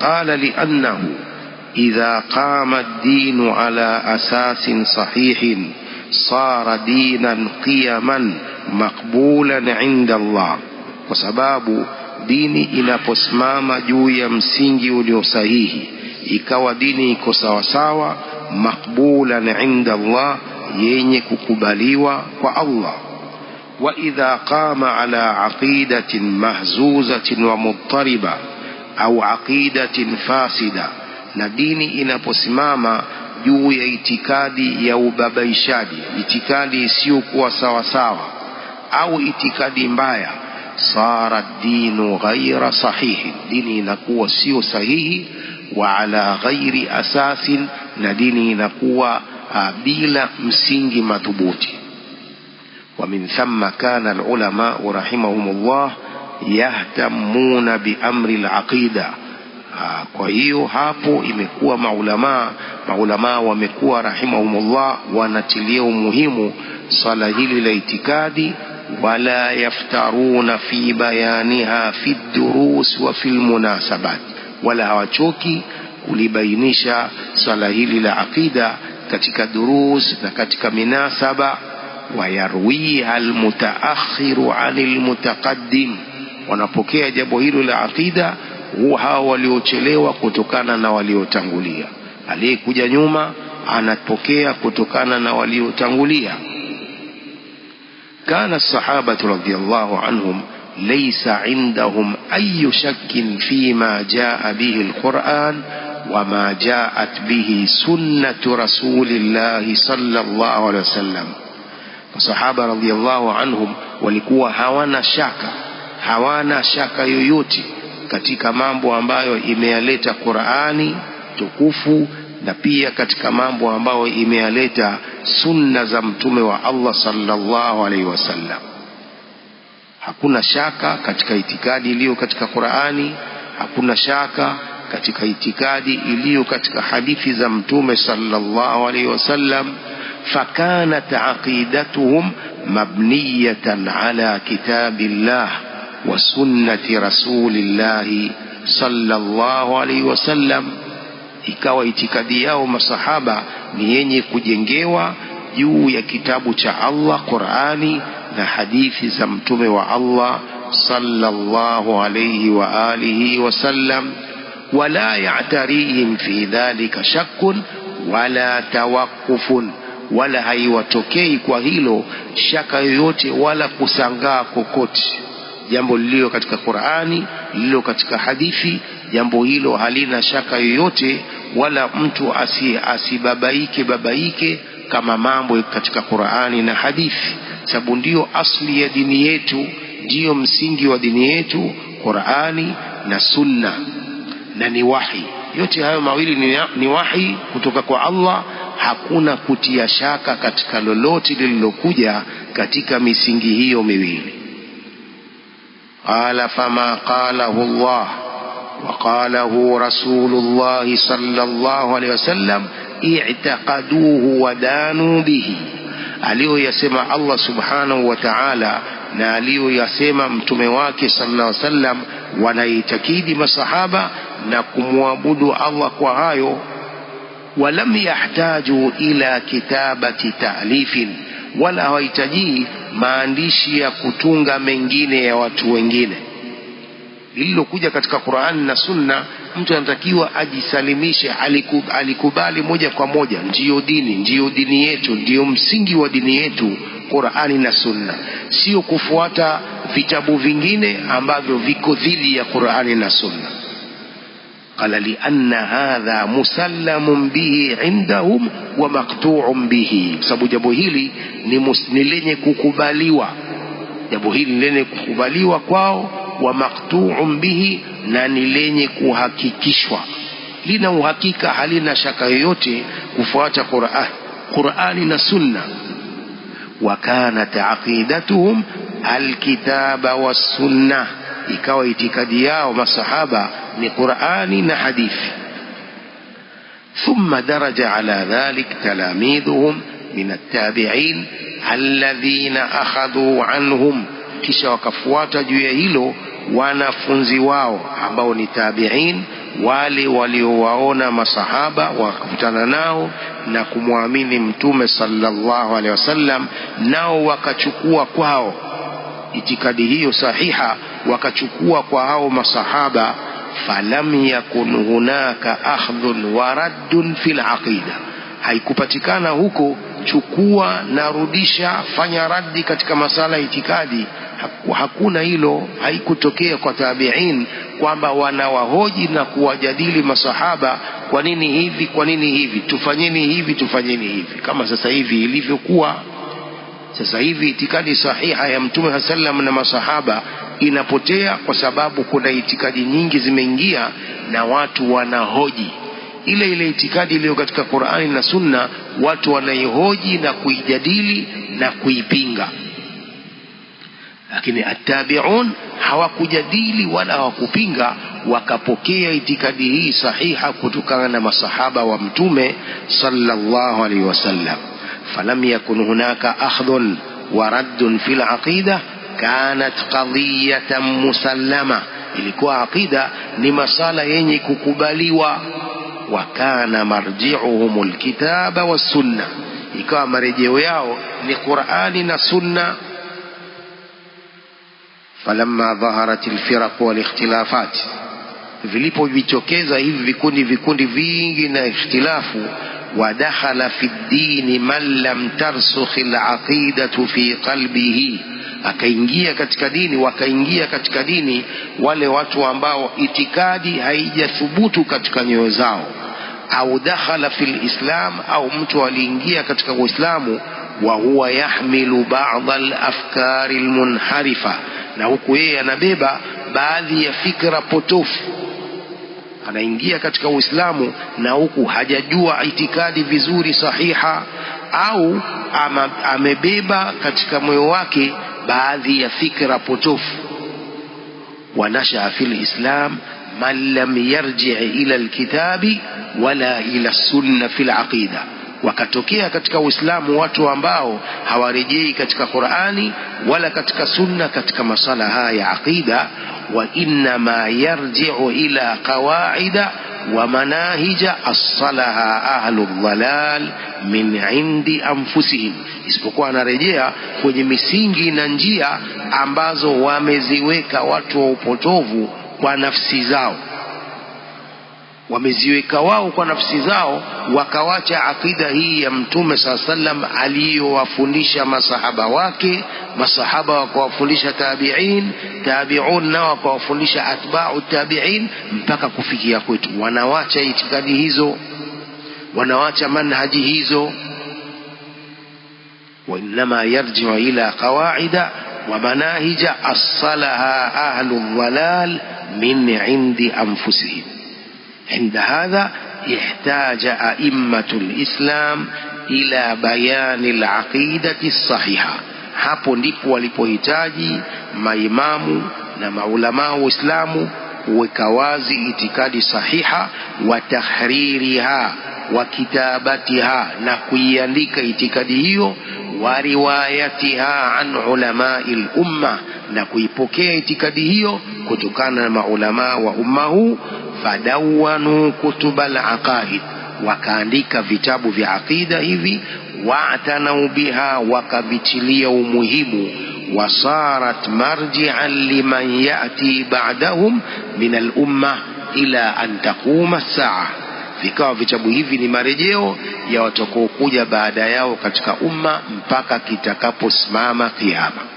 قال لأنه إذا قام الدين على أساس صحيح صار دينا قيما مقبولا عند الله وسباب ديني إلى بسمام جو يمسنجي وليسهيه إكوا ديني كسوا سوا مقبولا عند الله ينك كباليوا والله وإذا قام على عقيدة مهزوزة ومضطربة au aqidatin fasida, na dini inaposimama juu ya itikadi ya ubabaishaji, itikadi isiyokuwa sawasawa au itikadi mbaya, sara dinu ghaira sahihi, dini inakuwa sio sahihi. Wa ala ghairi asasin, na dini inakuwa ah, bila msingi madhubuti. Wa min thamma kana alulamau rahimahumullah yahtamuna biamri laqida. Kwa hiyo hapo imekuwa maulamaa maulamaa wamekuwa rahimahumullah, wanatilia umuhimu swala hili la itikadi, wala yaftaruna fi bayaniha fi durus wa fi lmunasabat, wala hawachoki kulibainisha swala hili la aqida katika durus na katika minasaba. Wayarwiha almutaakhiru ani lmutaqaddim wanapokea jambo hilo la akida huwa hao waliochelewa kutokana na waliotangulia. Aliyekuja nyuma anapokea kutokana na waliotangulia. Kana sahaba radhiyallahu anhum laysa indahum ayu shakkin fima jaa bihi alquran wama jaat bihi sunnatu rasulillahi sallallahu alaihi wasallam. Masahaba radhiyallahu anhum walikuwa hawana shaka hawana shaka yoyote katika mambo ambayo imeyaleta Qur'ani tukufu na pia katika mambo ambayo imeyaleta sunna za mtume wa Allah sallallahu alaihi wasallam. Hakuna shaka katika itikadi iliyo katika Qur'ani, hakuna shaka katika itikadi iliyo katika hadithi za mtume sallallahu alaihi wasallam. Fakanat aqidatuhum mabniyatan ala kitabillah wa sunnati rasulillahi sallallahu alaihi wasallam, ikawa itikadi yao masahaba ni yenye kujengewa juu ya kitabu cha Allah Qur'ani na hadithi za mtume wa Allah sallallahu alaihi wa alihi wasallam, wala ya'tarihim fi dhalika shakkun wala tawakufun wala haiwatokei kwa hilo shaka yoyote wala kusangaa kokote jambo lililo katika Qur'ani, lililo katika hadithi, jambo hilo halina shaka yoyote, wala mtu asibabaike babaike kama mambo katika Qur'ani na hadithi, sababu ndiyo asli ya dini yetu, ndiyo msingi wa dini yetu, Qur'ani na Sunna na ni wahi. Yote hayo mawili ni, ni wahi kutoka kwa Allah. Hakuna kutia shaka katika lolote lililokuja katika misingi hiyo miwili. قال فما قاله الله وقاله رسول الله صلى الله عليه وسلم اعتقدوه ودانوا به عليه يسمى الله سبحانه وتعالى ناليه يسمى متمواك صلى الله عليه وسلم ونيتكيد مصحابة نكم وابدو الله كهايو ولم يحتاجوا إلى كتابة تأليف ولا هيتجيه maandishi ya kutunga mengine ya watu wengine. Lililokuja katika Qur'ani na Sunna, mtu anatakiwa ajisalimishe, alikubali moja kwa moja, ndiyo dini, ndiyo dini yetu, ndiyo msingi wa dini yetu, Qur'ani na Sunna, sio kufuata vitabu vingine ambavyo viko dhidi ya Qur'ani na Sunna qala lianna hadha musallamun bihi indahum wa maqtuun bihi, kwa sababu jambo hili ni lenye kukubaliwa, jambo hili ni lenye kukubaliwa kwao, wa maqtuun bihi, na ni lenye kuhakikishwa, lina uhakika, halina shaka yoyote kufuata Qur'an, Qur'ani na Sunna. Wa kanat aqidatuhum alkitaba wassunna ikawa itikadi yao masahaba ni Qur'ani na hadithi. Thumma daraja ala dhalik talamidhuhum min at-tabi'in alladhina akhadhu anhum, kisha wakafuata juu ya hilo wanafunzi wao ambao ni tabi'in, wale waliowaona masahaba wakakutana nao na kumwamini Mtume sallallahu alaihi wasallam, nao wakachukua kwao itikadi hiyo sahiha wakachukua kwa hao masahaba, falam yakun hunaka akhdhun wa raddun fil aqida, haikupatikana huko chukua na rudisha, fanya raddi katika masala ya itikadi. Hakuna hilo, haikutokea kwa tabiin kwamba wanawahoji na kuwajadili masahaba, kwa nini hivi, kwa nini hivi, tufanyeni hivi, tufanyeni hivi, kama sasa hivi ilivyokuwa. Sasa hivi itikadi sahiha ya Mtume wa sallam na masahaba inapotea, kwa sababu kuna itikadi nyingi zimeingia na watu wanahoji ile ile itikadi iliyo katika Qur'ani na Sunna, watu wanaihoji na kuijadili na kuipinga, lakini attabi'un hawakujadili wala hawakupinga, wakapokea itikadi hii sahiha kutokana na masahaba wa Mtume sallallahu alaihi wasallam. فلم يكن هناك أخذ ورد في العقيدة كانت قضية مسلمة إلكوا عقيدة لمسالة ينك كباليوة وكان مرجعهم الكتاب والسنة إكوا مرجعوا ياو لقرآننا سنة فلما ظهرت الفرق والاختلافات فيليبو بيتوكيزا هيف بيكوني بيكوني فيينجنا اختلافو wadakhala fi الدين man lam ترسخ alaqidatu fi qalbihi, akaingia katika dini, wakaingia katika dini wale watu ambao itikadi haijathubutu katika nyoyo zao. Au dakhala fi lislam, au mtu aliingia katika Uislamu wa huwa yahmilu ba'd alafkari lmunharifa na huku yeye anabeba baadhi ya fikra potofu anaingia katika Uislamu na huku hajajua itikadi vizuri sahiha, au ama, amebeba katika moyo wake baadhi ya fikra potofu. wanashaa fi lislam man lam yarji ila lkitabi wala ila sunna fi aqida Wakatokea katika Uislamu watu ambao hawarejei katika Qur'ani wala katika Sunna katika masala haya ya aqida, wa innama yarji'u ila qawaida wa manahija asalaha ahlu dhalal min indi anfusihim, isipokuwa anarejea kwenye misingi na njia ambazo wameziweka watu wa upotovu kwa nafsi zao wameziweka wao kwa nafsi zao, wakawacha akida hii ya Mtume saa sallam aliyowafundisha masahaba wake, masahaba wakawafundisha tabiin, tabiun nao wakawafundisha atbau tabiin, mpaka kufikia kwetu. Wanawacha itikadi hizo, wanawacha manhaji hizo. Wainama yarjiu ila qawaida wa manahija assalaha ahlu dhalal min indi anfusihim عند هذا احتاج أئمة الإسلام إلى بيان العقيدة الصحيحة hapo ndipo walipohitaji maimamu na maulamaa wa Uislamu kuweka wazi itikadi sahiha wa tahririha wa kitabatiha, na kuiandika itikadi hiyo, wa riwayatiha an ulamai lumma, na kuipokea itikadi hiyo kutokana na maulamaa wa umma huu fadawanu kutuba alaqaid, wakaandika vitabu vya aqida hivi, waatanau biha, wakavitilia umuhimu wasarat marjian liman yati ba'dahum min alumma ila an taquma saa, vikawa vitabu hivi ni marejeo ya watakaokuja baada yao katika umma mpaka kitakaposimama kiama.